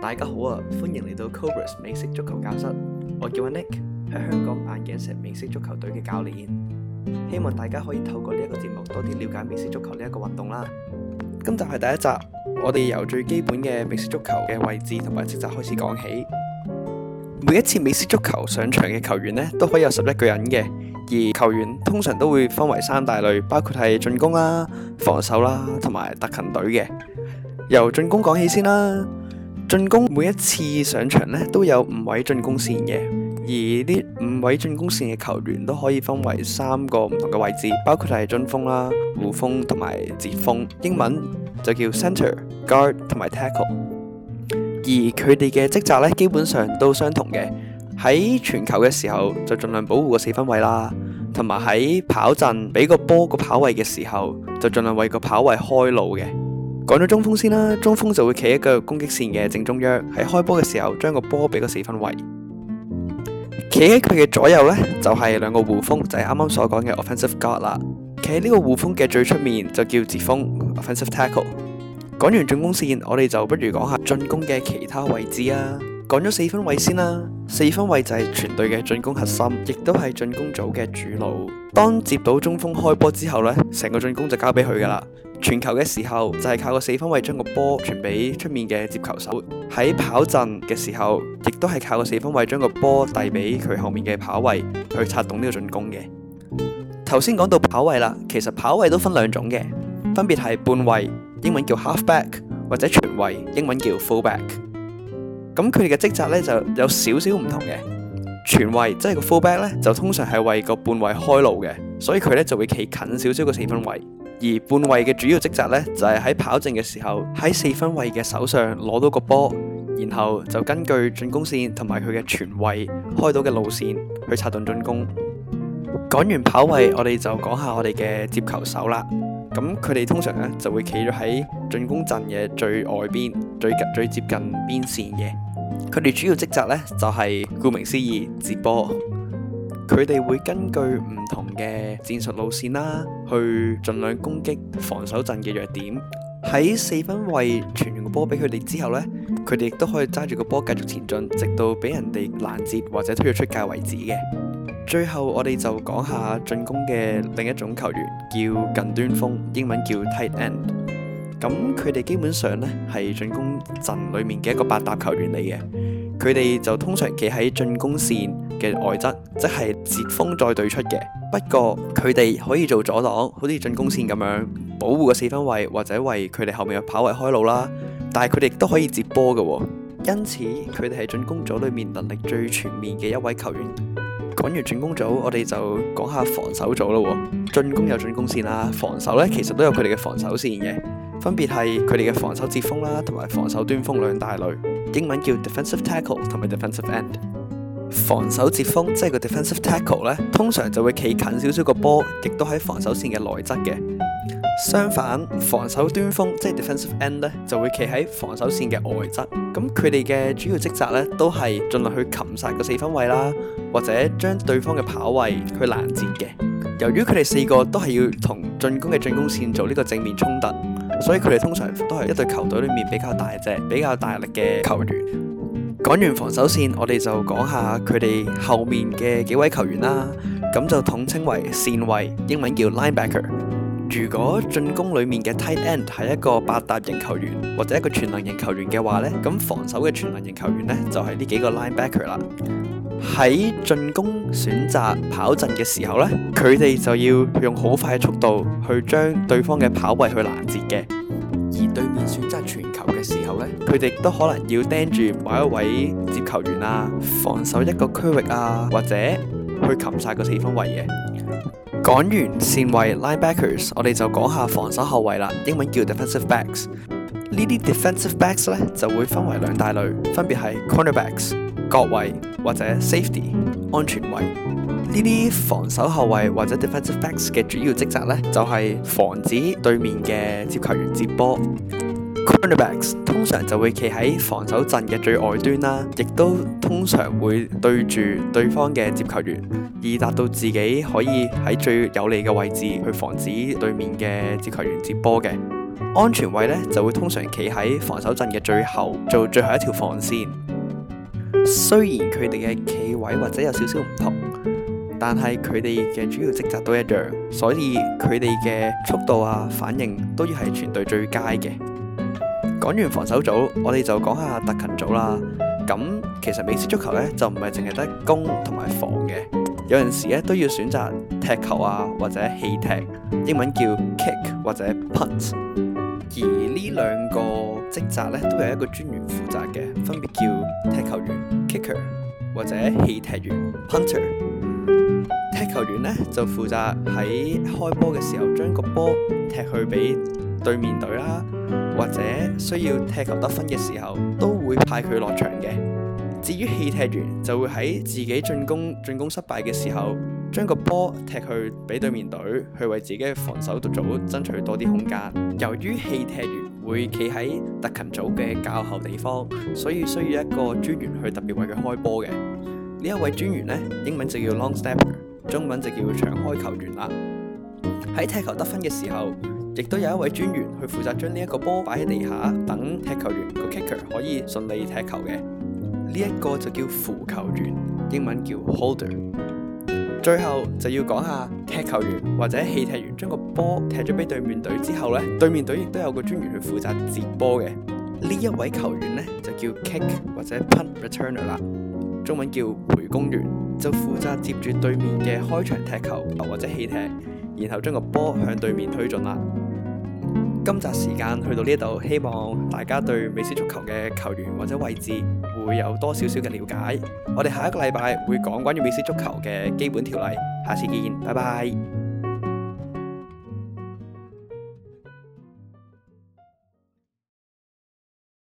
大家好啊！歡迎嚟到 Cobras 美式足球教室，我叫阿 Nick，係香港眼鏡蛇美式足球隊嘅教練。希望大家可以透過呢一個節目多啲了解美式足球呢一個運動啦。今集係第一集，我哋由最基本嘅美式足球嘅位置同埋職責開始講起。每一次美式足球上場嘅球員呢，都可以有十一個人嘅，而球員通常都會分為三大類，包括係進攻啦、啊、防守啦、啊，同埋特勤隊嘅。由進攻講起先啦。進攻每一次上場咧，都有五位進攻線嘅，而呢五位進攻線嘅球員都可以分為三個唔同嘅位置，包括係中鋒啦、護鋒同埋截鋒，英文就叫 Center Guard 同埋 Tackle。而佢哋嘅職責咧，基本上都相同嘅，喺傳球嘅時候就盡量保護個四分衛啦，同埋喺跑陣俾個波個跑衛嘅時候就盡量為個跑衛開路嘅。講咗中鋒先啦，中鋒就會企喺個攻擊線嘅正中央，喺開波嘅時候將個波俾個四分衛。企喺佢嘅左右呢，就係、是、兩個護鋒就係啱啱所講嘅 offensive guard 啦。企喺呢個護鋒嘅最出面就叫截鋒，offensive tackle。講完進攻線，我哋就不如講下進攻嘅其他位置啊。講咗四分衛先啦，四分衛就係全隊嘅進攻核心，亦都係進攻組嘅主腦，當接到中鋒開波之後呢，成個進攻就交俾佢噶啦。傳球嘅時候就係、是、靠個四分衛將個波傳俾出面嘅接球手；喺跑陣嘅時候，亦都係靠個四分衛將個波遞俾佢後面嘅跑衛去策動呢個進攻嘅。頭先講到跑衛啦，其實跑衛都分兩種嘅，分別係半衛（英文叫 halfback） 或者全衛（英文叫 fullback）。咁佢哋嘅職責呢，就有少少唔同嘅。全衛即係、就是、個 fullback 呢，就通常係為個半衛開路嘅，所以佢呢就會企近少少個四分衛。而半衛嘅主要職責呢，就係喺跑陣嘅時候，喺四分衛嘅手上攞到個波，然後就根據進攻線同埋佢嘅全衛開到嘅路線去策動進攻。講完跑衛，我哋就講下我哋嘅接球手啦。咁佢哋通常呢，就會企咗喺進攻陣嘅最外邊，最近最接近邊線嘅。佢哋主要職責呢，就係顧名思義接波。佢哋會根據唔同嘅戰術路線啦、啊，去盡量攻擊防守陣嘅弱點。喺四分衛傳完個波俾佢哋之後呢，佢哋亦都可以揸住個波繼續前進，直到俾人哋攔截或者推咗出，出界為止嘅。最後我哋就講下進攻嘅另一種球員，叫近端鋒，英文叫 tight end。咁佢哋基本上呢，係進攻陣裡面嘅一個百搭球員嚟嘅。佢哋就通常企喺進攻線嘅外側，即係截鋒再對出嘅。不過佢哋可以做阻擋，好似進攻線咁樣保護個四分衛或者為佢哋後面嘅跑衛開路啦。但係佢哋都可以接波嘅。因此佢哋係進攻組裡面能力最全面嘅一位球員。講完進攻組，我哋就講下防守組啦。進攻有進攻線啦，防守呢其實都有佢哋嘅防守線嘅，分別係佢哋嘅防守截鋒啦，同埋防守端鋒兩大類。英文叫 defensive tackle 同埋 defensive end，防守截鋒即係個 defensive tackle 咧，就是、Tack le，通常就會企近少少個波，亦都喺防守線嘅內側嘅。相反，防守端鋒即係 defensive end 咧，就，是、end，就會企喺防守線嘅外側。咁佢哋嘅主要職責咧，都係盡量去擒殺個四分衛啦，或者將對方嘅跑衛去攔截嘅。由於佢哋四個都係要同進攻嘅進攻線做呢個正面衝突。所以佢哋通常都係一隊球隊裏面比較大隻、比較大力嘅球員。講完防守線，我哋就講下佢哋後面嘅幾位球員啦。咁就統稱為線衛，英文叫 linebacker。如果進攻裏面嘅 tight end 係一個八達型球員或者一個全能型球員嘅話呢，咁防守嘅全能型球員呢，就係呢幾個 linebacker 啦。喺進攻選擇跑陣嘅時候呢佢哋就要用好快嘅速度去將對方嘅跑位去攔截嘅。而對面選擇傳球嘅時候呢佢哋都可能要盯住某一位接球員啊，防守一個區域啊，或者去擒晒個四分衛嘅。講完線衛 linebackers，我哋就講下防守後衛啦，英文叫 defensive backs。呢啲 defensive backs 呢就會分為兩大類，分別係 cornerbacks 角衛）。或者 safety 安全位。呢啲防守後衛或者 defensive backs 嘅主要職責咧，就係防止對面嘅接球員接波。cornerbacks 通常就會企喺防守陣嘅最外端啦，亦都通常會對住對方嘅接球員，以達到自己可以喺最有利嘅位置去防止對面嘅接球員接波嘅。安全位咧就會通常企喺防守陣嘅最後，做最後一條防線。雖然佢哋嘅企位或者有少少唔同，但係佢哋嘅主要職責都一樣，所以佢哋嘅速度啊、反應都要係全隊最佳嘅。講完防守組，我哋就講下特勤組啦。咁其實美式足球呢就唔係淨係得攻同埋防嘅，有陣時咧都要選擇踢球啊或者棄踢，英文叫 kick 或者 punt，而呢兩個。職責咧都有一個專員負責嘅，分別叫踢球員 （kicker） 或者棄踢員 （punter）。踢球員咧就負責喺開波嘅時候將個波踢去俾對面隊啦，或者需要踢球得分嘅時候都會派佢落場嘅。至於棄踢員就會喺自己進攻進攻失敗嘅時候，將個波踢去俾對面隊，去為自己嘅防守隊組爭取多啲空間。由於棄踢員會企喺特勤組嘅較後地方，所以需要一個專員去特別為佢開波嘅。呢一位專員呢，英文就叫 Long Snapper，中文就叫長開球員啦。喺踢球得分嘅時候，亦都有一位專員去負責將呢一個波擺喺地下，等踢球員個 kicker 可以順利踢球嘅。呢、這、一個就叫扶球員，英文叫 holder。最後就要講下踢球員或者棄踢員將個波踢咗俾對面隊之後呢，對面隊亦都有個專員去負責接波嘅。呢一位球員呢，就叫 kick 或者 punt returner 啦，中文叫回攻員，就負責接住對面嘅開場踢球或者棄踢，然後將個波向對面推進啦。今集時間去到呢度，希望大家對美式足球嘅球員或者位置會有多少少嘅了解。我哋下一個禮拜會講關於美式足球嘅基本條例。下次見，拜拜。